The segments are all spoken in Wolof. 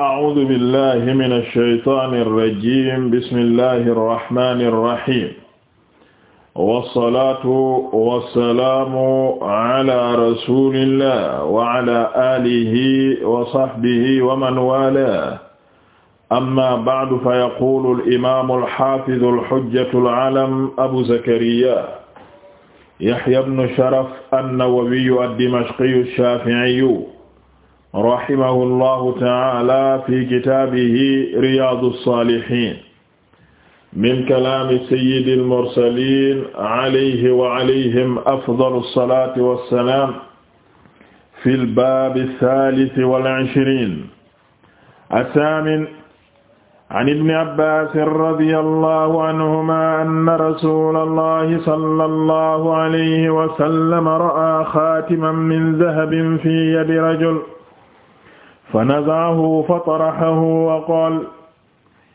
أعوذ بالله من الشيطان الرجيم بسم الله الرحمن الرحيم والصلاة والسلام على رسول الله وعلى آله وصحبه ومن والاه أما بعد فيقول الإمام الحافظ الحجة العلم أبو زكريا يحيى بن شرف النووي الدمشقي الشافعي rahimahullahu ta'ala fi kitaabihi Riyâdous-Sâlihîne min kalaami sayyidil mursaliin alayhi wa alayhim afdalus salaati wassalaam fil baabi saalisi wal ishriin assaamin an ibni abbaasin radiyallahu anhumaa anna rasuulallahi sallallahu alayhi wa sallam ra'aa xaatiman min dahabin fi yadi rajul fa nazaahu fa tarahahu wa qaala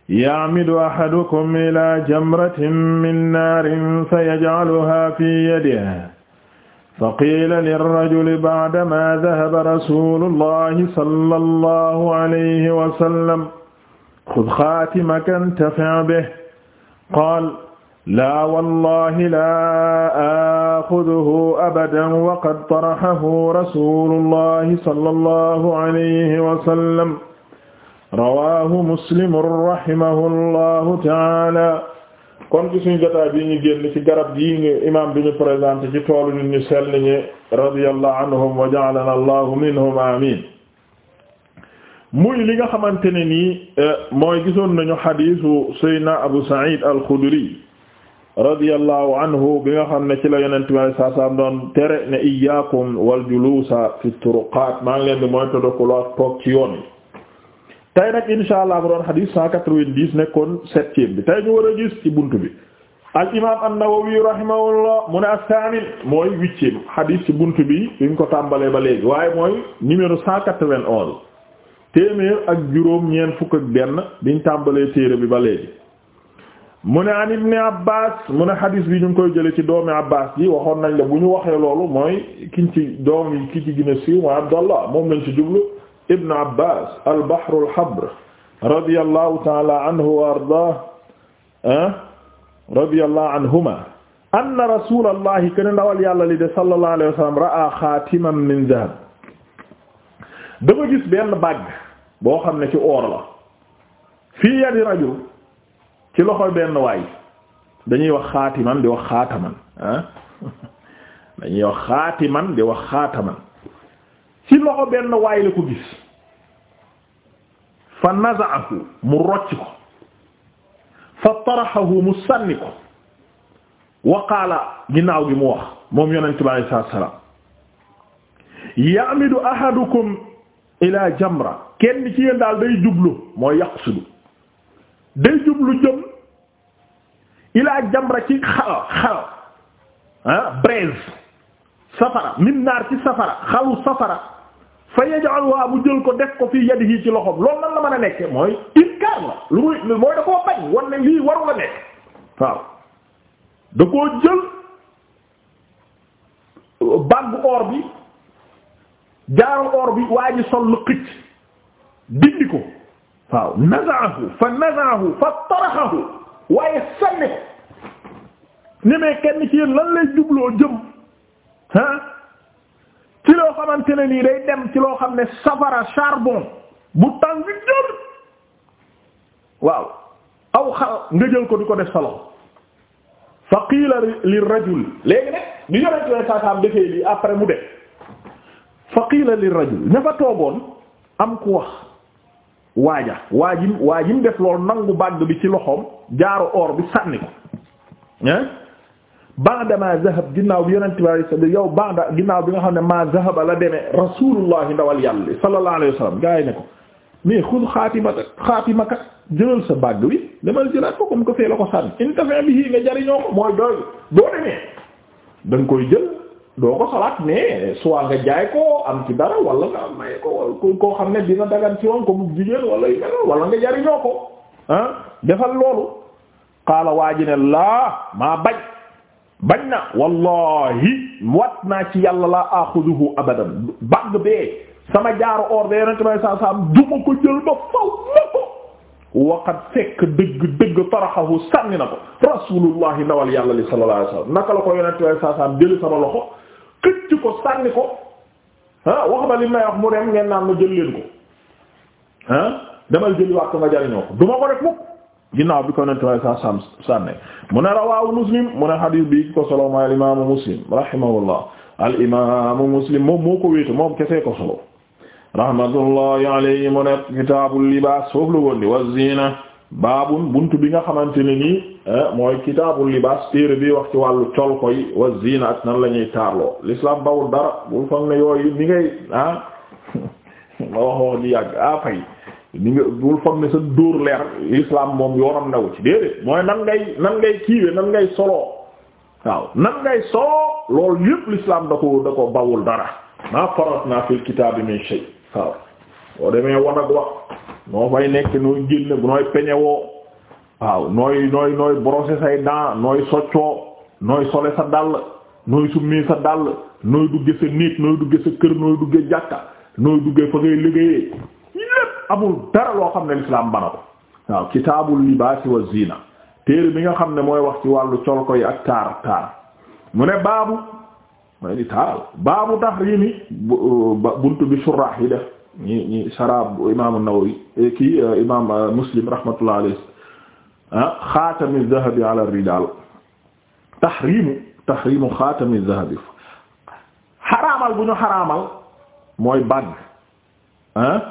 ya'midu ahadukum ilaa jamratin min naarin fayaj'aluhaa fii yadihi faqiila lirrajuli ba'damaa dhahaba rasuulullaahi sallallaahu alayhi wa sallam xudh xaatimaka intafi' bihi qaala laa wallaahi laa axuduhu abadan waqad taraxahu rasuulullahi sallallahu alayhi wa sallam rawaahu muslimun rahimahullahu taala kon ci suñu jotaay bi ñu génn ci garab gii ñu imaam bi ñu présenté ci toolu nit ñu sell ñi radiyallahu anhum wa ja'alana allahu minhum amiin muy li nga xamante ne nii eh, mooy gisoon nañu xadiisu Seydina Abu Saïd al-Khudri radiyallahu anhu bi nga xam ne ci la yonent bi saa saa doon tere ne iyyakum wal juluusa fi turuqaat maa ngi leen di mooy toddakuloo ak toog ci yoon yi tey nag insha allah mu doon xadiis nekkoon septième bi tey ñu war a gis ci bunt bi al imaam an-Nawawi rahimahullah mu ne as-saamin mooy huitième xadiis ci bunt bi bi ñu ko tàmbalee ba léegi waaye mooy numéro cent quatre-vingt-onze téeméer ak juróom ñeent fukk ak benn biñ tàmbalee téere bi ba léegi mu ne an ibni abbas mu ne xadis bi ñu ngi koy jële ci doomi abbas yi waxoon nañ la bu ñu waxee loolu mooy kiñ ci doom yi ki ci gën a siiw mooy abdallah moom lañ ci jublu ibnu abbas al bahru al habr radiyallahu ta'ala anhu wa ardah ah, radiyallahu anhuma anna rasulallahi ken ndawal yàlla li de sallallahu alayhi wa sallam ra'a xaatiman min zahab dafa gis benn bàgg boo xam ne ci oor la fii yadi rajul ci loxo benn waay dañuy wax man di wax xaataman ah dañuy wax man di wax xaata xaataman ci loxo benn waay la ko gis fa naza'ahu mu rocc ko fa taraxahu mu sànni ko wa qaala ginnaaw gi mu wax moom yonente bi alayhi salaatu salaam ya'midu ahadukum ila jamra kenn ci yéen daal day jublu mooy yaqsudu day jublu jëm ilaa jamra ci xal xal ah braise safara min naar ci safara xalu safara fa yaj'aluha bu jël ko def ko fii yadihi ci loxom loolu nan la mën a nekke mooy inkaar la lu muy mooy da koo bañ wan lii waru la nekk waaw da koo jël baggu or bi jaaru or bi waa ji sol lu xicc dindi ko waaw nazaahu fa nazaahu fa taraxahu waaye sànni ko kenn ci yéen lan lay jubloo jëm ah ci loo xamante ne nii day dem ci loo xam ne safara charbon bu tàng jëm waaw aw xal nga jël ko di ko def sa loxo fa qiila li rajul léegi nag di yonent lay saasaam defee lii après mu def fa qiila li rajul ña fa toogoon am ku wax waaja waajim waajim def loolu nangu bàgg bi ci loxoom jaaro or bi sànni ko hein ba'da ma zahab ginnaaw bi yonent bi alayhi salaam yow ba'da ginnaaw bi nga xam ne ma zahaba la demee rasulullah ndawal yàlla sallallahu alayhi wasallam gaa yi ne ko mais xud xaatimata xaatimaka jëlal sa bàgg wi demal jëlaat ko comme ko fee la ko sànni intafa bihi nga jariñoo ko mooy doy doo demee danga koy jël doo ko xalaat mais soit nga jaay ko am ci dara wala nga may ko koo xam ne dina dagan ci woon ko bu jigéen wala yu mel wala nga jariñoo ko ah, defal loolu qaala waa ji ne laa maa bañ bañ na wallahi wat naa ci yàlla laa axuduhu abadan bagg bee sama jaaru or de yonente may saa saam duma ko jël ba faw na ko waqad fekk dëgg dëgg taraxahu sànni na ko rasulullahi ndawal yàlla li sallallahu alayhi wasallam naka la ko yonente may saa saam jëli sama loxo ko sànni ko ah wax ma li may mu dem ngeen naan ma jël leen ko ah, demal jëli wax ko nga jariñoo duma ko def mukk ginnaaw bi ko nentuwaay sa sàn sànne mu ne muslim mu ne xadiis ko solo mooy al muslim rahimahullah al muslim moom ko wéetu moom kesee ko solo rahmatullahi alayhi mu ne kitaabul libaas foofu la woon baabun bunt bi nga xamante ne nii eh, mooy kitaabul libaas téere bi wax ci wàllu col koy wa zina ak nan la ñuy taarloo l'islam bawul dara bul foog ne yooyu ni ngay ah ma wax di yàgg ah fay ni nga bul foog ne sa dóor leer l'islam moom yoonam new ci déedéet mooy nan ngay nan ngay kiiwe nan ngay soloo waaw nan ngay soloo loolu yépp l'islam da ko da ko bawul dara maa farat naa fil kitaabi min shay waaw boo demee wan ak wax noo fay nekk nooy génn bu nooy peñewoo waaw nooy nooy nooy brosser say dents nooy soccoo nooy sole sa dàll nooy summee sa dàll nooy dugge sa néeg nooy dugge sa kër nooy dugge jàkka nooy dugge fa ngay liggéeyee lépp amul dara loo xam ne lislaam bana ko waaw kitaabul libaasi wa zina téere bi nga xam ne mooy wax ci wàllu col yi ak taar taar mu ne baabu mooy di taaral baabu tahrimi uh, buntu bi suraax yi def ñi ñi saraab imaamu Nawawi eh, kii eh, imaam eh, Muslim rahmatullah alayhi ah xaatami zahabi ala rijaal tahriimu tahriimu xaatami zahabi xaraamal bu ñu xaraamal mooy bàgg ah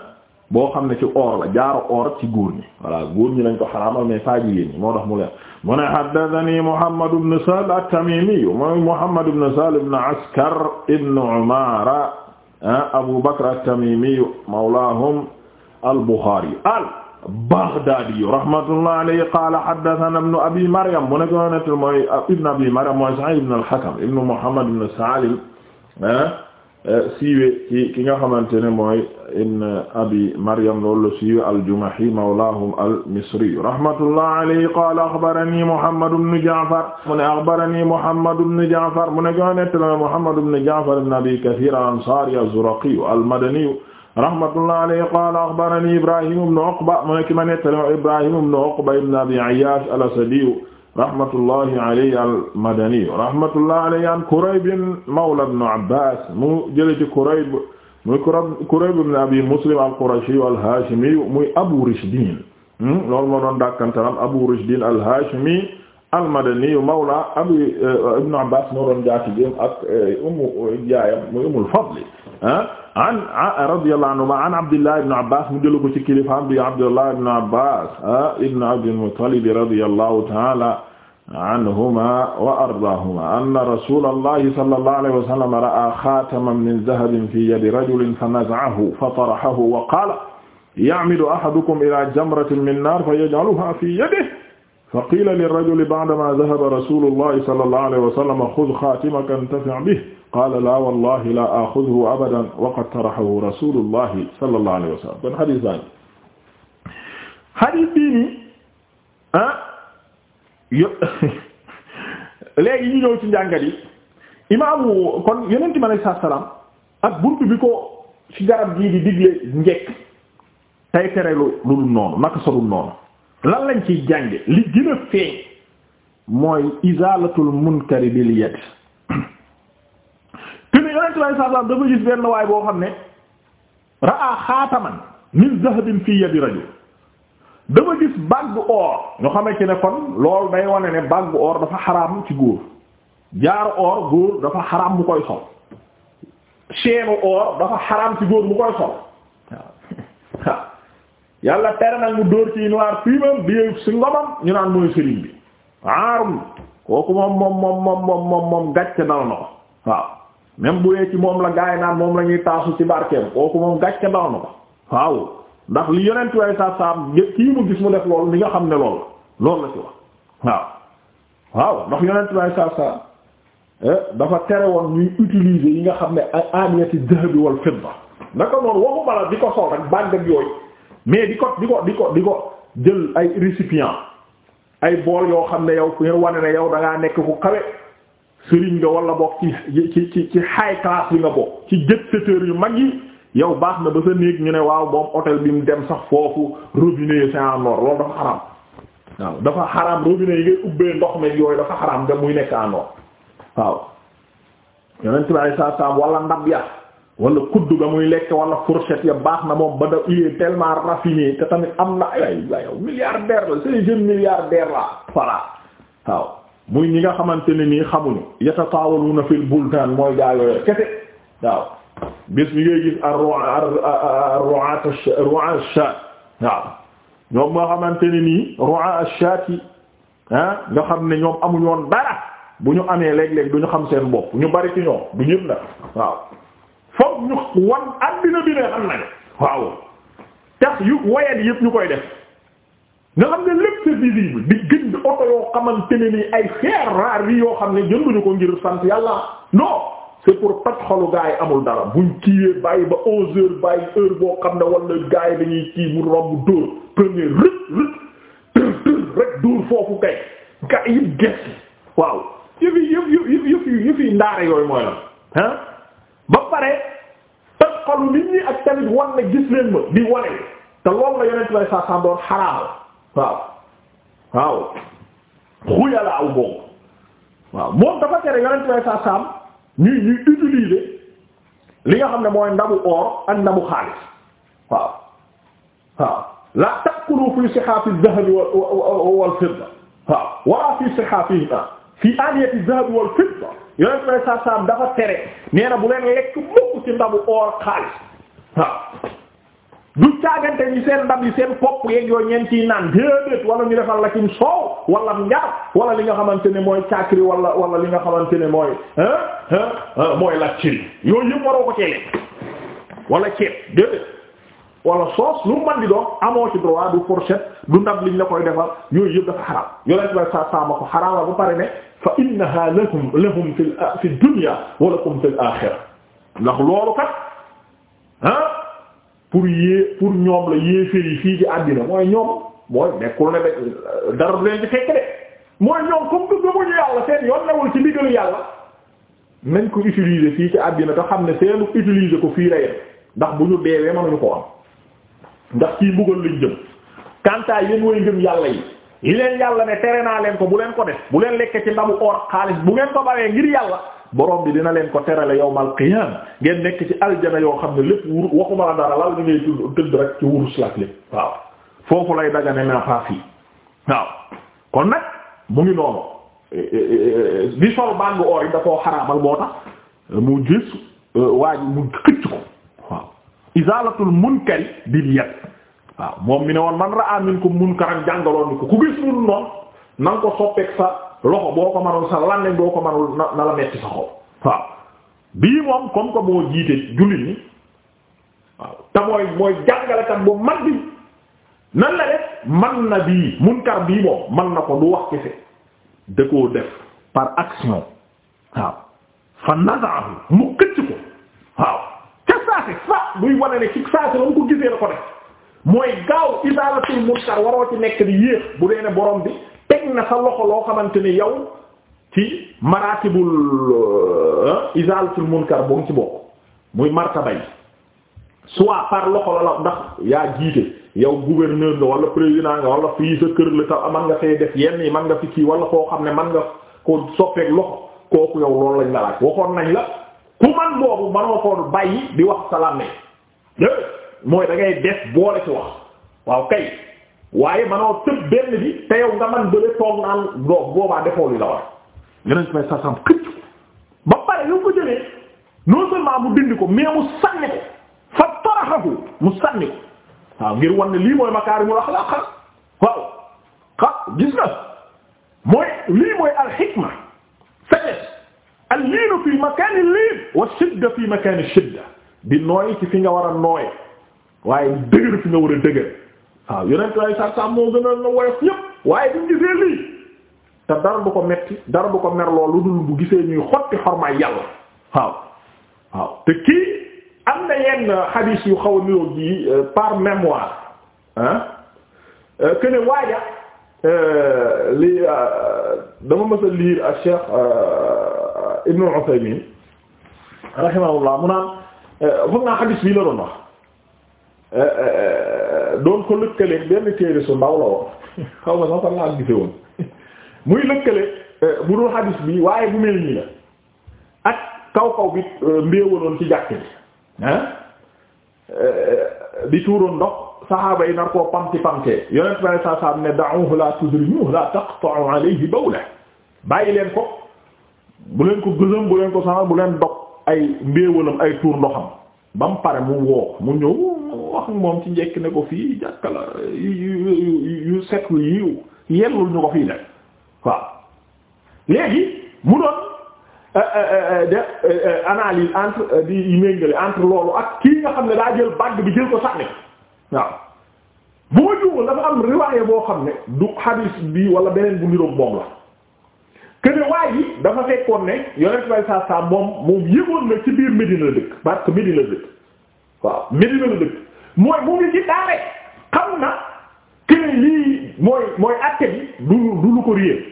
boo xam ne ci or la jaaro or ci góor ñi voilà góor ñi lañ ko xaraamal mais faa jigéen ñi moo tax mu leen mu ne haddathani Muhammad ibn Sahl at-Tamimi mooy Muhammad ibn Sahl ibn Askar ibn Umara Abu Bakr at-Tamimi mawlaahum al-Bukhari al-Baghdadi rahmatullahi alayhi qaala haddathana ibnu Abi Maryam mu nekk mooy ibnu Abi Maryam mooy Sa'id ibn al-Hakam ibn Muhammad ibn Salim Euh, siiwe ci ki nga xamante ne mooy ibn abi maryam loolu la siiwe al-Jumahi mawlaahum al-Misri rahmatullah alayhi qaala axbarani Muhammad ibn Ja'far mu ne axbarani Muhammad ibn Ja'far mu ne ko nettali Muhammad ibn Ja'far ibn Abi Kathir al-Ansari az-Zuraqi al-Madani rahmatullah alayhi qaala axbarani Ibrahim ibn Uqba mu ne ki ma nettali Ibrahim ibn Uqba ibn Abi Ayyash al-Asadi rahmatullahi alayhi al-Madani rahmatullahi alayhi an Kurayb mawla ibn Abbas mu jële ci Kurayb muy Kurayb ibn Abi Muslim al-Qurashi al-Hashimi muy Abu Rishdin hmm? loolu moo doon dàkkantalam Abu Rishdin al-Hashimi al-Madani mawla Abi eh, ibn Abbas moo doon jaati ak eh, ummu jaayam muy Ummul Fadl ah. an radiyallahu anhuma an Abdullah ibn Abbas mu jël ko ci kilifaam bi Abdullah ibn Abbas ibn Abdil Muttalib radiyallahu ta'ala anhuma wa ardaahuma anna rasulallahi sallallahu alayhi wa sallam ra'a xaataman min dahabin fi yadi rajulin fa naza'ahu fa tarahahu wa qaala ya'midu ahadukum ila jamratin min naar fa yaj'aluha fi yadihi fa qiila lirrajuli ba'dama dhahaba rasulullahi sallallahu alayhi wa sallam xudh xaatimaka intafi' bihi qaala laa wallahi la axuduhu abadan waqad taraxahu rasulullahi sallallahu alayhi wa sallam kon xadis baa ngi xadis bii nii ah yo léegi ñu ñëw ci njàngat yi imaamu kon yonent mi alayhi salaam ak buntu bi ko ci garab gii di digle njekk tey tere lu lu dul noonu naka sa dul noonu lan lañ ciy jànge li gën a feeñ mooy izalatul munkari bil yad te ne yonent bi sallam dafa gis benn waay boo xam ne raa xaataman min zahabin fi yadi rajul dafa gis bague or ñu xamante ne kon loolu day wane ne bague or dafa xaraam ci góor jaaru or góor dafa xaraam mu koy sol chaîne or dafa xaraam ci góor mu koy sol waaw yàlla tere nag mu dóor ci noir fii moom bi si ngomam ñu naan mooy sëriñ bi aarum kooku moom moom moom moom moom moom gàcce dal na ko waaw même bu dee ci moom la gaay naan moom la ñuy taasu ci barkeem ko moom gàcce ndaw na ko waaw ndax li yonent way sa saam kii mu gis mu def lool li nga xam ne lool loolu la ci wax waaw waaw ndax yonent way sa saam dafa tere woon ñuy utiliser yi nga xam ne ay aniyati dahab wal fidda naka noonu waxuma la di ko sol rek bànn ak yooyu mais di ko di ko di ko di ko jël ay récipient ay bool yoo xam ne yow fu wane ne yow da nekk ku kawe. sëriñ nga wala bokk ci ci ci ci high class bi nga bokk ci jet setteurs yu mag yi yow baax na ba sa néeg ñu ne waaw moom hôtel bi mu dem sax foofu robinet yi c'est en loolu dafa xaram waaw dafa xaram robinet yi ngay ubbee ndox mi yooyu dafa xaram nga muy nekk en or waaw yonent bi ay saa saam wala ndab ya wala kuddu nga muy lekk wala fourchette ya baax na moom ba da il est tellement raffiné tamit am na ay ay yow milliardaire la c'est jeune la voilà muy ñi nga xamante ne nii xamuñu yatatawaluna fil bultaan mooy gaayooyee kese waaw bis bi ngay gis ar ru'at ru'at ash-shaat waaw ñoom nga xamante ne nii ru'at ash-shaat yi ah nga xam ne ñoom amuñu woon dara bu ñu amee léeg-léeg du ñu xam seen bopp ñu bari ci ñoom du ñëpp nag waaw foog ñu wan addina bi ne xam nañu waaw tax yu wayat yëpp ñu koy def nga xam ne lépp c'est visible di gën di oto yoo xamante ne ni ay Ferrari yoo xam ne jënduñu ko ngir sant yàlla non c'est pour toj xolu gars yi amul dara buñ kiiwee bàyyi ba onze heures bàyyi heure boo xam ne wala gaa yi dañuy kii mu romb dóor premier rëk rëk tër tër rek dóor foofu kay ga yëpp gerte yi yëf yëf yëf yëf yi ndaare yooyu mooy lan ah ba pare toj xolu nit ñi ak tamit wan na gis leen ma di wane te loolu la yonent lay sa san waaw waaw xuyalaaw boobu waaw moom dafa tere yonent way sa saam ñuy ñuy utiliser li nga xam ne mooy ndabu or ak ndabu xaalis waaw waaw la takulu fi sihaafi adh-dhahab wal fidda waaw wala fi sihaafihima fi aniyati adh-dhahab wal fidda yonent way sa saam dafa tere nee na bu leen lekk mukk ci ndabu or xaalis waaw du caagante ñi seen ndab yi seen kopp yeeg yooyu ñeen ciy naan déedéet wala ñu defal la cim soow wala njar wala li nga xamante ne mooy caakiri wala wala li nga xamante ne mooy mooy la ciri yooyu yëpp waroo ko ceele wala ceeb déedéet wala soos lu man di doon amoo ci droit du fourchette du ndab liñ la koy defal yooyu yëpp dafa xaraam yolent way sa saama ko xaraama ba pare ne fa innaha lahum lahum fi fi dunya wa lakum fil axira ndax loolu pour yée pour ñoom la yéeféer yi fii ci àddina mooy ñoom mooy nekkul ne de dara du leen ci fekk de mooy ñoom comme que gëmuñu yàlla seen yoon newul ci ndigalu yàlla nañ ko utiliser fii ci àddina te xam ne seenu utiliser ko fii rek ndax bu ñu deewee mënuñu ko am ndax kii mbugal lañ jëm kantaa yéen way ngëm yàlla yi yi leen yàlla ne tere naa leen ko bu leen ko def bu leen lekkee ci ndabu or xaalis bu ngeen ko baree ngir yàlla boroom bi dina leen ko terale yawmal qiyam ngeen nekk ci aljana yoo xam ne lépp wur waxuma la dara lal li ngay tëdd rek ci wurus lak lépp foofu lay daga ne naa faaf yi waaw kon nag mu ngi noonu eh, eh, eh, di sol bàng or yi da koo xaraamal boo tax mu gis mu xëcc ko waaw izalatul munkari waaw moom mi ne woon man ra'a minkum munkaran jàngaloon ni ku gis lu noonu na ko soppeek sa loxo boo ko manul sa làmmiñ boo ko manul na na la metti sa xol waaw bii moom comme que moo jiite jullit ñi waaw te mooy mooy jàngalekat bu mag bi nan la def man na bii munkar bii moom man na ko du wax kese da koo def par action waaw fa nazaahu mu këcc ko waaw ca saasi fa buy wane ne ci saasi la mu ko gisee la ko def mooy gaaw izaalatul munkar waroo ci nekk di yéex bu dee ne borom bi teg na sa loxo loo xamante ni yow ci maratibul euh, izalatul munkar boo ngi ci bokk muy martaba yi soit par loxo la la ndax yaa jiite yow gouverneur nga wala président nga wala fii sa kër la tax man nga fay def yenn yi man nga fi ci wala koo xam ne man nga ko soppeek loxo kooku yow loolu lañ la laaj waxoon nañ la ku man boobu manoo koon bàyyi di wax salaam ne mooy da def boole ci wax waaw kay waaye manoo tëb benn bi man bële toog naan doof boobaa defoo la war yeneen may sasam xëcc ba pare yow ko jëlee non mu dindi ko mu sànni fa taraxahu mu sànni ko ngir wan ne lii mooy makaarimul axlaaq waaw xa gis na mooy fi makaani liin war a waaye dëgër fi nga war waaw yonent ay sax sax moo gën a na woyof ñëpp waaye bu gisee lii te dara du ko metti dara du ko mer loolu dul bu gisee ñuy xotti xormaay yàlla waaw waaw te kii am na yenn xadiis yu xaw a niroog yi euh, par mémoire ah que ne waaja euh, dama mës a ak Cheikh Ibn Uthaymeen rahimahullah mu naan foog naa xadiis bii la doon wax doon ko lëkkaleeg benn téere su ndaw la woon xaw ma sax fan laa gise woon muy lëkkale eh, bu dul hadis bi waaye bu mel nii la ak kaw kaw bi eh, mbéewaloon ci jàkk bi ah eh, di tuuroon ndox saxaaba yi nar koo pamti pamtee yonent bi saa saa ne da'uhu la tudrimuhu la taqta'u alayhi bawla bàyyi leen ko bu leen ko gësëm bu leen ko saxal bu leen dog ay mbéewalam ay tuur ndoxam ba mu pare mu woo mu ñëw wax moom ci njekk ne ko fii jàkka la yu setlu yi yellul ñu ko fii def waaw léegi mu doon euh, euh, euh, def analyse entre di méngale entre loolu ak kii nga xam ne daa jël bàgg bi jël ko sànni waaw boo juwul dafa am riwaaye boo xam ne du hadis bi wala beneen bu niroog moom la que ne waa ji dafa fekkoon ne yonent bay saa saa moom moom yëgoon na ci biir Médina la dëkk parce que Médina la dëkk waaw Médina la dëkk mooy mu ngi ci daare xam na que yi lii mooy mooy àtte bi du du lu ko réer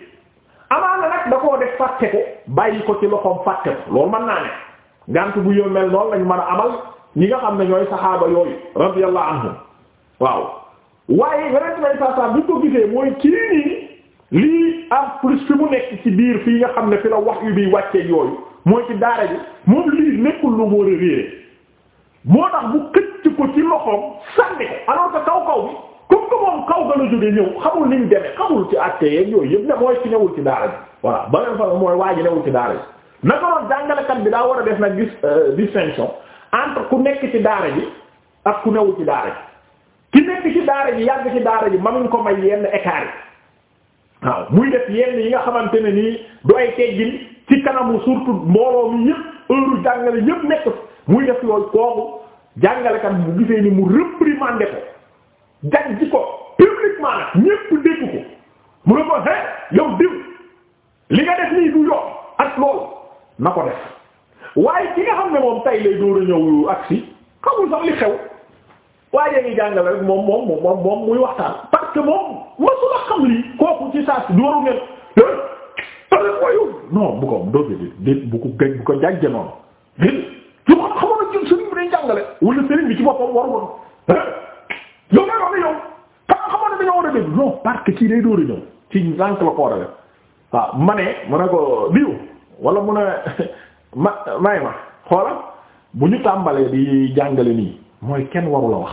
amaana nag da koo def fàtte ko bàyyi ko ci loxoom fàtte ko loolu mën naa ne ngant bu yo mel noonu lañ mën a amal ñi nga xam ne ñooy saxaaba yooyu radiyallahu anhum waaw waaye yonent saa saa bu ko gisee mooy kii lii en pour fi mu nekk ci biir fii nga xam ne fi la wax yu bi wàccee yooyu mooy ci daara ji moom lii nekkul lu mu war moo tax bu këcc ko ci loxoom sànni ko alors que kaw kaw bi comme que moom kaw ga la jógee ñëw xamul niñ demee xamul ci àtte yeeg yooyu yëpp ne mooy ci newul ci daara ji voilà beneen fa mooy waa ji newul ci daara ji naka noonu jàngalekat bi daa war a def nag gis euh, distinction entre ku nekk ci daara ji ak ku newul ci daara ji ki nekk ci daara ji yàgg ci daara ji mënuñ ko may yenn écart waaw muy def yenn yi nga xamante ne nii du ay teggin ci kanamu surtout mbooloo mi ñëpp heure jàngale ñëpp nekk muy def yooyu kooku jàngalekat bu gisee ni mu réprimander ko jag ji ko publiquement nag ñëpp dégg ko mu ne ko he yow diw li nga def nii du yoon ak loolu na ko def waaye ki nga xam ne moom xamul sax li xew waaye ngi jàngale rek moom moom moom moom muy waxtaan parce que moom ci saa si dooru ngeen non bu ko bu ko gañ bu ko jàjje noonu déedéet su bi day jàngale wala sëriñ bi ci boppam waru woon yow day wax ne yow ka day dóor a ñëw ci lànk la ko war waaw ma ne mu ne ko diw wala mu ne ma may ma xoolal bu ñu tàmbalee bi jàngale nii mooy kenn waru la wax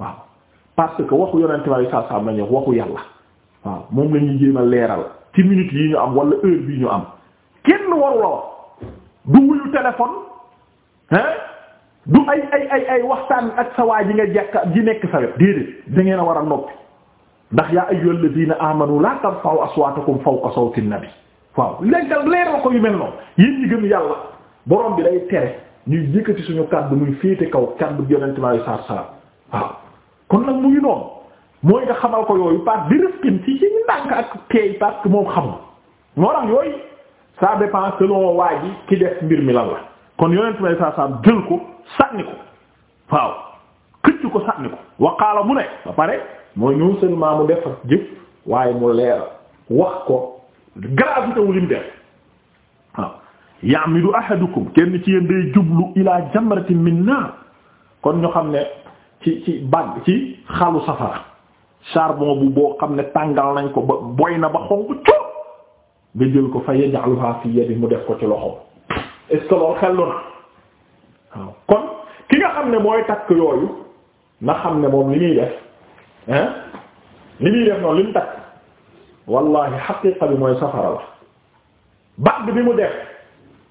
waaw parce que waxu yonent bi sallallahu alayhi wasallam waxu yàlla waaw moom la ñuy leeral ci minutes yi ñu am wala heure bi ñu am kenn waru wax du wuyu téléphone hein du ay ay ay ay waxtaan ak sa ji nga jàkka ji nekk sa wet déedéet da ngeen a war a noppi ndax yaa ayyuhal ladina amanu la tarfa'u aswatakum fawqa sawti nabi waaw léegal leeral ko yu mel noonu yéen ñi gëm yàlla borom bi day tere ñuy yëkkati suñu kàddu muy féete kaw kàddu yonente bi sallallahu alayhi waaw kon nag mu noonu mooy nga xamal ko yooyu par di rifkin ci ci ndànk ak teey moom xamul moo tax yooyu ça dépend selon waa ji ki def mbir mi lan la kon yonent may saa saam jël ko sànni ko waaw këcc ko sànni ko waqaala mu ne ba pare mooy non seulement mu def ak jëf waaye mu leer wax ko gravité wu lim def waaw ya'midu ahadukum kenn ci yéen day jublu ila jamratin min kon ñu xam ne ci ci bagg ci xalu safara charbon bu boo xam ne tàngal nañ ko ba boy na ba xonq coow nga jël ko fa yaj'aluha fi yadi mu def ko ci loxo est-ce que loolu na kon ki nga xam ne mooy takk xam ne moom li muy def hein li muy def noonu li mu takk wallahi xaqiiqa bi mooy safara la bàgg bi mu def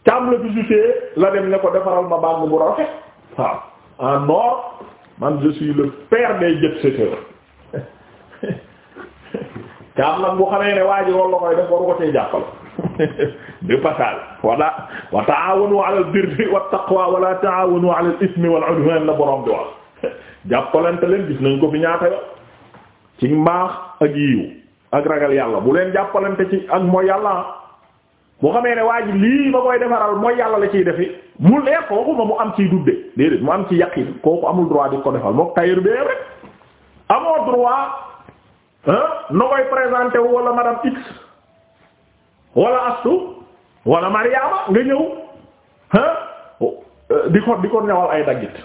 càmm bi visiter la dem ne ko defaral ma bàgg bu rafet waaw en man je suis le père des jet-setteurs kaam nag bu xamee ne waa ji loolu la koy def waru ko cee jàppale de passage wala wa ta'awanu 'ala al-birri wat-taqwa wa la ta'awanu 'ala al-ithmi wal-'udwan la borom bi wax jàppalante leen gis nañ ko fi ñaata yo ci mbaax ak yiw ak ragal yàlla bu leen jàppalante ci ak mooy yàlla bu xamee ne waa ji lii ma koy defaral mooy yàlla la ciy defi mu leer kooku ma mu am ciy dudde déedéet mu am ci yaqin kooku amul droit di ko defal mook tayër bee rek amoo no koy présenté wu wala madame X wala Astu wala Mariama nga ñëw di ko di ko ñawal ay daggit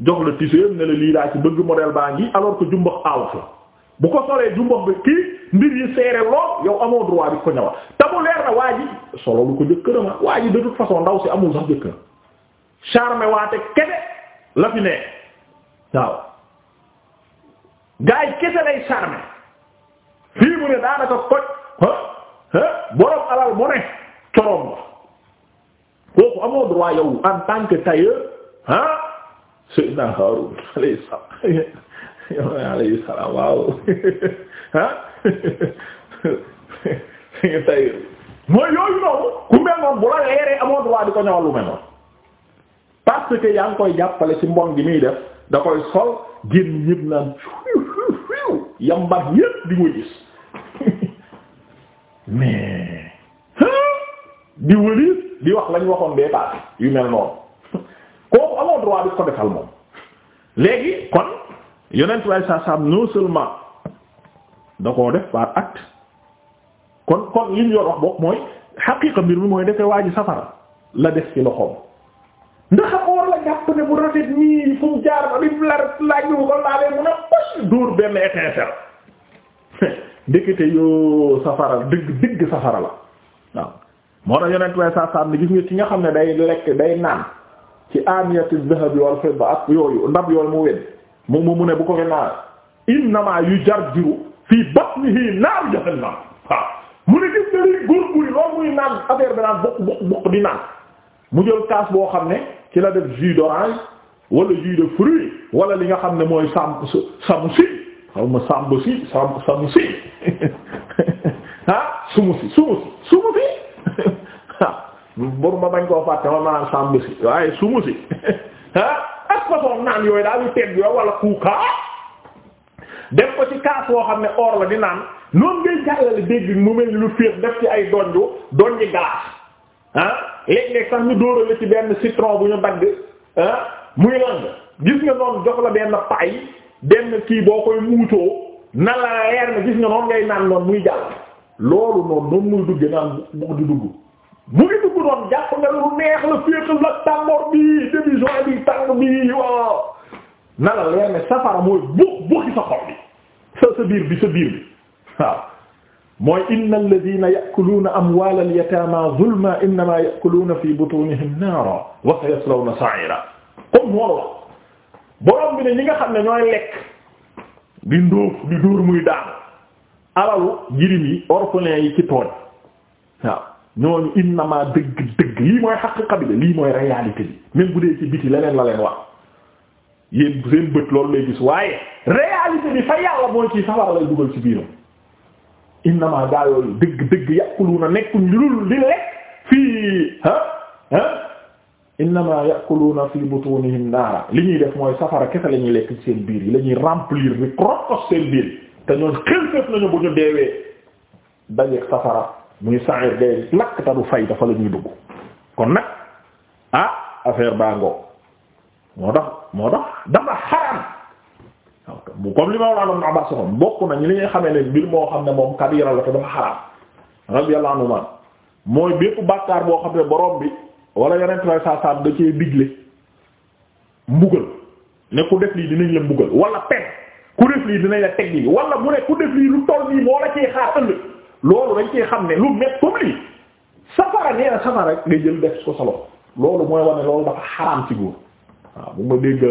jox la tissu ne la lii laa ci bëgg modèle baa ngi alors que jumbox awut la bu ko solee jumbox bi kii mbir yi seere lool yow amoo droit bi ko ñawal te mu leer na waa ji solo lu ko jëkkër ma ah. waa ji de toute façon ndaw si amul sax jëkkër charme waate kene la fi ne waaw gaa yi kese lay charmer fii mu ne daanaka koj borom alal mu ne coroom la kooku amoo droit yow en tant que tailleur ah Seydina Haroun alayhi salaam alayhi salaam waaw ah suñu tailleur mooy yooyu noonu ku mel noonu bu la leeree amoo ko ñëwal lu mel noonu parce que yaa ngi koy jàppale ci mbon gi muy def. da koy sol génn ñëpp naan yambar yépp di ko gis mais di wëliis di wax lañ waxoon bee paase yu mel noonu kooku amoo droit di ko defal moom léegi kon yonent saa sa sam non seulement da koo def par acte kon kon li ñu yor wax bokk mooy xaqiiqa mbir mi mooy defee waa ji safara la def ci loxoom ndax oor la jàpp ne bu rafet nii fu mu jaar ba bi mu lar laaj mu ko laalee mun a pos dóor benn yoo safara dëgg dëgg safara la waaw moo tax yonent way sa ni gis nga xam ne day lekk day naan ci aniyati dhahab wal fidda ak yooyu ndab yooyu mu wedd mu mu mu ne bu ko ke naan innama yujarjiru fii batnihi naar jahannam waaw mu ne gis nga lii góor guy loolu di naan mu jël kaas boo xam ne ci la def jus d'orange wala jus de fruit wala li nga xam ne mooy sam samusi xaw ma sambusi sam samusi ah sumusi sumusi sumusi ah bor ma bañ koo fàtte ma maanaam sambusi waaye sumusi ah ak façon naan yooyu daal yu tedd yooyu wala kuuka def ko ci kaas woo xam ne or la di naan noonu ngay jàllale dégg mu mel ni lu féex def ci ay donju donji glace ah léeg-léeg sax ñu dóorale ci benn citron bu ñu dagg ah muy lang gis nga noonu jox la benn paille benn kii boo koy muutoo na la leer na gis nga noonu ngay naan noonu muy jàll loolu noonu noonu muy dugge naan mu di dugg mu ngi noonu jàpp nga lu neex la féetal la tàngoor bi demi joint bi tàng bi waaw na la leer ne safara mooy bux buxi sa xol bi sa sa biir bi sa biir bi waaw mooy inna alladina yakuluuna amwaal alyataama zulma innama yakuluuna fi butunihim naara wa sayaslawna saira comme noonu la borom bi ne ñi nga xam ne ñooy lekk di ndóof di dóor muy daanu alalu jirim yi orphelin yi ci tooñ waaw ñooñu innama dëgg dëgg lii mooy xaqiqa bi lii mooy réalité bi même bu dee ci biti leneen la leen wax yéen seen bët loolu lay gis waaye réalité bi fa yàlla mooy ci safara lay dugal ci biiram innama gaa yooyu dëgg dëgg yàquluuna nekk njurul di lekk fii ah ah innama yàquluuna fi butunihim naara li ñuy def mooy safara kese la ñuy lekk ci seen biir yi la ñuy remplir di seen biir te ñoon xel def nañu bu ñu deewee dajeek safara muy saxir day lakk ta du fay dafa la ñuy dugg kon nag ah affaire baa ngoo moo tax moo tax dafa xaram waaw comme li ma la doon Abbas waxoon bokk na ñi li nga xamee ne mbir moo xam ne moom kabira la te dafa xaraam radiyallahu anhu mooy bépp bàkkaar boo xam ne borom bi wala yeneen lay saa da cee digle mbugal ne ku def lii dinañ la mbugal wala pen ku def lii dinañ la teg lii wala mu ne ku def lii lu toll nii moo la cee xaar loolu dañ cee xam ne lu met comme lii safara nee na safara rek nga jël def ko solo loolu mooy wane loolu dafa xaraam si góor waaw bu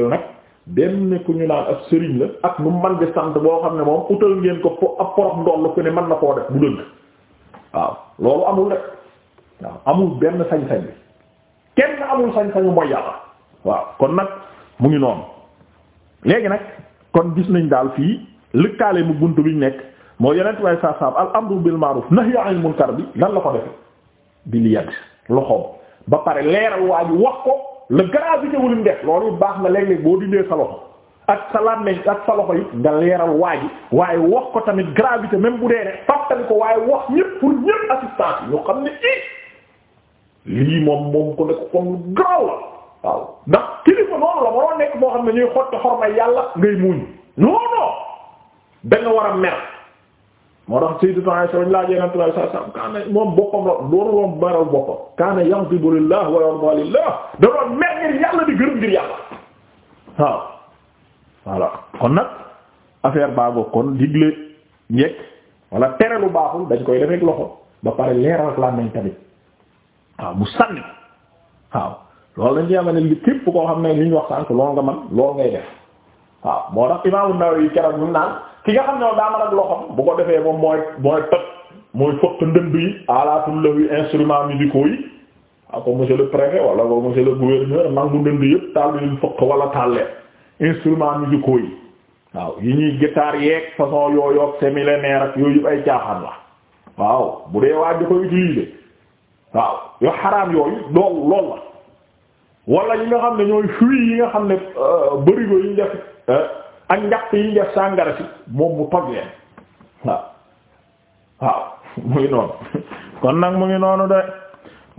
ma benn ku ñu naan ab sëriñ la ak nu man di sant boo xam ne moom utal ngeen ko po ab porox ndoll ku ne mën na koo def bu dëgg waaw loolu amul rek waaw amul benn sañ-sañ bi kenn amul sañ-sañu mooy yàlla waaw kon nag mu ngi noonu léegi nag kon gis nañ daal fii lëkkaale mu bunt bi ñu nekk moo yeneen waaye saa saab al amru bil ma'ruf nahyi anil munkar bi lan la ko defe bil yad loxoom ba pare leeral waa ji wax ko la gravité wu lim def loolu baax na léeg-léeg boo dindee sa loxo ak sa làmmeñ ak sa loxo yi nga leeral waa ji waaye wax ko tamit gravité même bu dee ne fàttali ko waaye wax ñëpp pour ñëpp assistance yi xam ne i lii moom moom ko nekk kon graw la waaw ndax kilifa noonu la waroo nekk moo xam ne ñuy xotti xormay yàlla ngay muñ non non war a mer moo tax Sayyidatu Aisha bañ laaj Yonent bi sallallahu alayhi wasallam kaana moom boppam la doonu lillah wa yarda lillah da doon mer ngir yàlla di gërëm ngir yàlla waaw voilà kon nag affaire boo kon digle njekk wala tere lu baaxul dañ koy defeek loxo ba pare leeral ak laa tamit waaw bu sànni waaw loolu dañ ci yàlla li képp koo xam ne li ñu wax sànk loolu nga man loolu ngay def waaw moo tax Imaamu Nawawi keroog ñu naan ki nga xam ne daa mën ak loxoom bu ko defee moom mooy mooy toj mooy fëkk ndënd yi alaatul lahu instruments musicaux yi ak ah, ko monsieur le préfet wala ko monsieur le gouverneur nangu ndënd yëpp taal yu fëkk wala taal leen instruments musicaux yi waaw la nga xam ne yi nga xam ne euh, bërigo yi ñu euh, ak njàpp yi def sàngara si moom mu toj leen waaw waaw mu ngi noonu kon nag mu ngi noonu de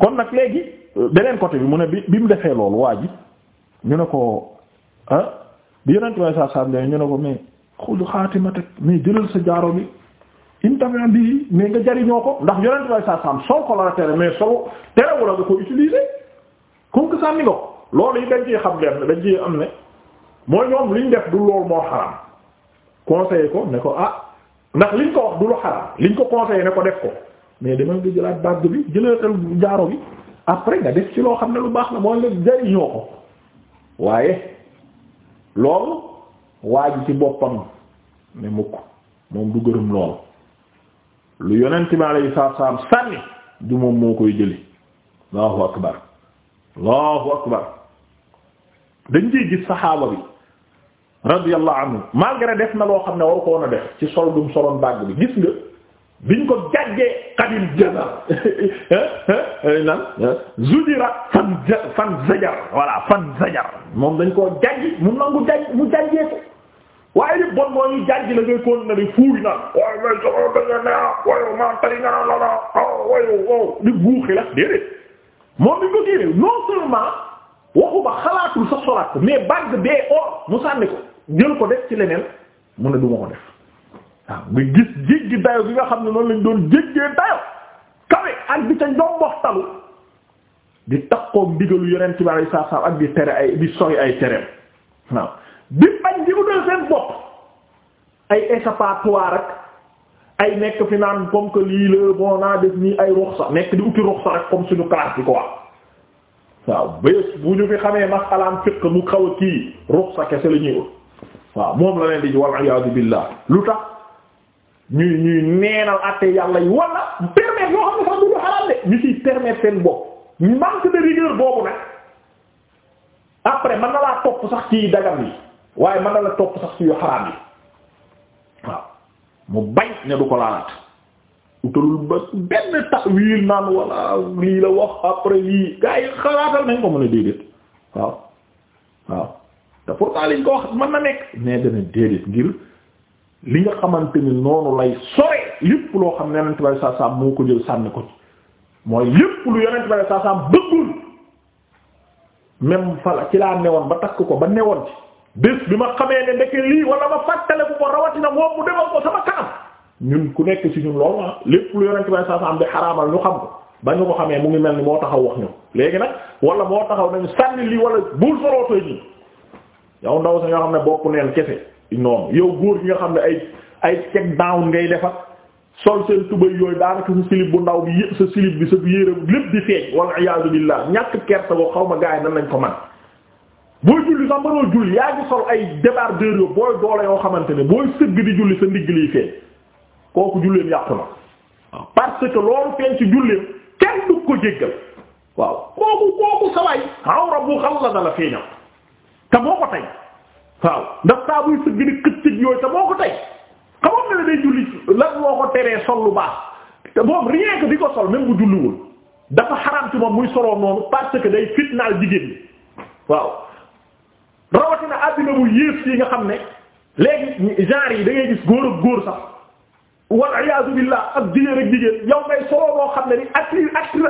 kon nag léegi beneen côté bi mu ne bi bi mu defee loolu waa ji ñu ne ko ah bi yonent way sa sam ñu ne ko mais xul xaatimatak mais jëlal sa jaaro bi intamit bi mais nga jariñoo ko ndax yonent way sa sam sol ko la a tere mais solo terewul a nga ko utiliser comme que sànni ko loolu yi dañ ci xam leen dañ ci am ne mooy ñoom liñ def du loolu moo xaram conseiller ko ne ko ah ndax liñ ko wax du lu xaram liñ ko conseiller ne ko def ko mais demal nga jëlaat bàgg bi jëlaatal jaaro bi après nga def ci loo xam ne lu baax la mooy la jariñoo ko waaye lool waa ji ci boppam ne mukk moom du gërëm lool lu yonent bi alayhi salaatu salaam koy jëli allahu akbar allahu akbar dañ ciy bi radiyallahu anhu malgré def na loo xam ne waru ko def ci sol dum soloon bàgg bi gis nga biñ ko jàggee xadil jana nan zujira fan fan zajar voilà fan zajar moom dañ koo jàggi mu ko waaye li bon moo ñu jàggi la ngay koon na di fuuy naan wayu ah, maa tay nga naan la naa ah, wayu wow di guuxi la déedéet moom biñ ko génne non seulement waxuma xalaatul sa solaat ko mais bee or mu sànni ko jël ko def ci leneen mu na du ma ko def waaw nga gis jéggi dayo bi nga xam ne noonu lañ doon jéggee dayo kawe ak bi ca njomboxtalu di takkoog digalu yeneen ci bari saaf saaf ak di tere ay di sori ay tereem waaw di bañ di utal seen bopp ay échappatoire ak ay nekk fi naan comme que lii la bon naa def nii ay ruxsa nekk di uti ruxsa rek comme suñu classe bi quoi waaw bés bu ñu fi xamee masalaam fiqh mu xaw a kii ruxsa kese la ñuy waaw moom la leen di wal iyaadu billah lu tax ñuy ñuy neenal àtte yàlla yi wala permettre yoo xam ne sax du lu xalaat de ñu ciy permettre seen bopp manque de rigueur boobu nag après mën na laa topp sax ci dagam yi waaye mën na la topp sax ci yu xaraam yi waaw mu bañ ne du ko laalaat utalul benn ta'wil naan wala lii la wax après yii gaa yi nañ ko mën a déedéet waaw waaw te pourtant liñ ko wax mën na nekk mais dana déedéet ngir li nga xamante ni noonu lay sore lépp loo xam ne yonent bi saa saa moo ko jël sànni ko ci mooy yépp lu yonent bi saa saa bëggul même fala ci ba takk ko ba newoon ci bés bi ma xamee ne ndeke lii wala ma fàttale bu ko ñun ku nekk ci ñun ah lépp lu yonent bi saa saa am xam ko ba ñu ko xamee mu ngi mel ni moo taxaw wax ñu léegi nag wala moo taxaw nañu sànni lii wala bul sorootee nii yow ndaw sa ñoo xam ne bokk neen kese noonu yow góor gi nga xam ne ay ay check down ngay defar sol seen tubay yooyu daanaka sa silib bu ndaw bi yëpp sa silib bi sa yére bu di feeñ walla iyaazu billaah ñàkk kersa boo xaw ma gaa yi nan ko man booy julli sax mënoo julli yaa ay débardeur yo booy doole yoo xamante ne booy sëgg di julli sa ndigg liy feeñ kooku julleem yàqu na parce que loolu feeñ ci julleem kenn du ko jéggal waaw kooku kooku saway awra bu xal la dala feeñal te boo ko tey waaw ndax saa buy sëgg di këccëg yooyu te boo ko tey xamoon na la day julli lan moo ko teree sol lu baax te moom rien que di ko sol même bu julliwul dafa xaram ci moom muy soloo noonu parce que day fitnaal jigéen ñi waaw rawatina àddina nga xam ne léegi genre yi da ngay gis góor góor sax wal iyaazu billah ak jigéen jigéen yow ngay soloo xam ne ni attri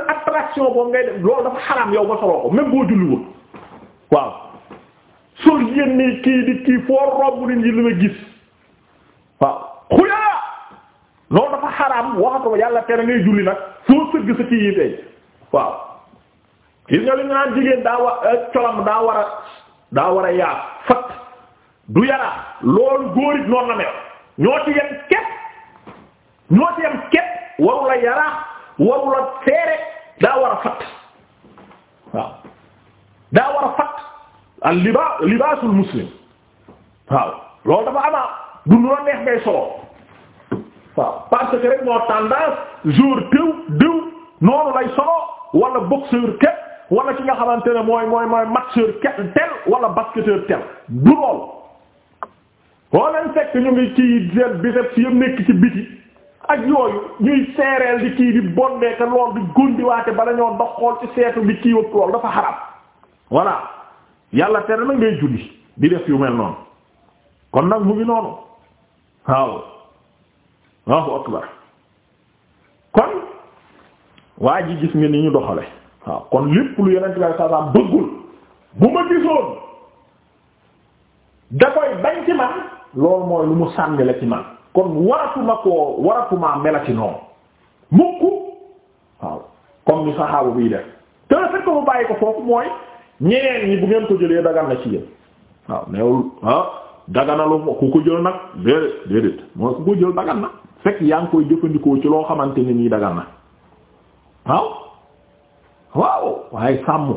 boobu ngay def loolu dafa xaram yow nga soloo ko même boo julliwul waaw soo yénnee kii di kii foo romb nit ñi li nga gis waaw xuyaa loolu dafa xaraam waxatoo yàlla tere ngay julli nag soo sëgg sa kii yi tey waaw gis nga li ñu jigéen daa war euh, colam daa war a daa war a yaa fat du yaraa loolu góorit noonu na mel ñoo ci yem képp ñoo ci yem képp waru yaraa waru la daa war a fat waaw daa war a fat al liba libaasul muslim waaw loolu dafa ama du nu la neex ngay solo waaw parce que rek moo tendance jour diw diw noonu lay solo wala boxeur ket wala ki nga xamante ne mooy mooy mooy matcheur ket tel wala basketteur tel du lool boo leen fekk ñu ngi kii seen biceps yëpp nekk ci biti ak yooyu ñuy seereel di kii di bondeeke lool di góndiwaate ba ñoo dox xool ci seetu bi kii wëpp lool dafa xarab voilà yàlla te na ngay julli di def yu mel noonu kon nag mu ngi noonu waaw Allahu akbar kon waa ji gis nga ni ñu doxale waaw kon lépp lu yeneen tubaab saa saa bëggul bu ma gisoon da koy bañ ci man loolu mooy lu mu sànni la ci man kon waratuma koo waratuma melati noonu mukk waaw comme ni saxaabu biy def te ko mu bàyyi ko foofu mooy. ñeneen ñi bu ngeen ko jëlee dagal na ci yéen waaw neewul ah daganalu ku ko jël nag déedéet déedéet ko jël dagan na fekk yaa ngi koy jëfandikoo ci loo xamante ni nii dagan na waaw waaw waaye sàmm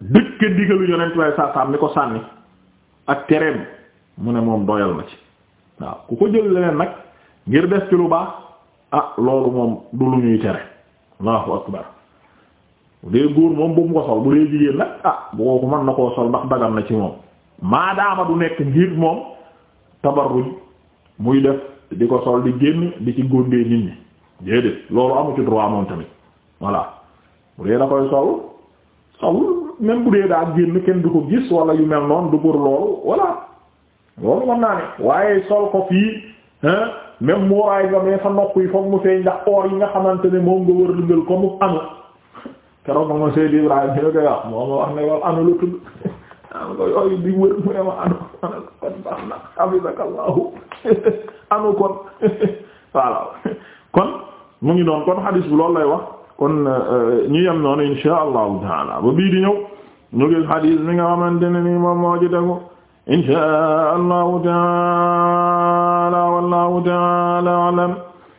dëkk ndigalu yonent waaye sa sàmm ni ko sànni ak tereem mu ne moom doyal na ci waaw ku ko jël leneen nag ngir des ci lu baax ah loolu moom du lu ñuy tere allahu akbar bu dee góor moom bu mu ko sol bu dee jigéen nag ah bu ko mën na koo sol ndax dagan na ci moom maadaama du nekk ngir moom tabarruj muy def di ko sol di génn di ci góndee nit ñi déedéet loolu amu ci droit moom tamit voilà bu dee da koy sol sol même bu dee daa génn kenn du ko gis wala yu mel noon du pour loolu voilà loolu mën naa ne waaye sol ko fii même mu waay ba mais sa nopp yi foog mu feeñ ndax oor yi nga xamante ne moom nga wër lëngal ko mu keroog ma ma Seydi Ibrahima ñu koy wax anu la anu ko yooyu di wër mu ne anu anu kon hafizakallahu anu kon voilà kon mu ngi noonu kon xadis bi loolu lay wax kon euh, ñu yem noonu insha allahu taala ba di ñëw ñu gis mi nga xamante ne nii moom moo ci tegu taala wallahu taala alam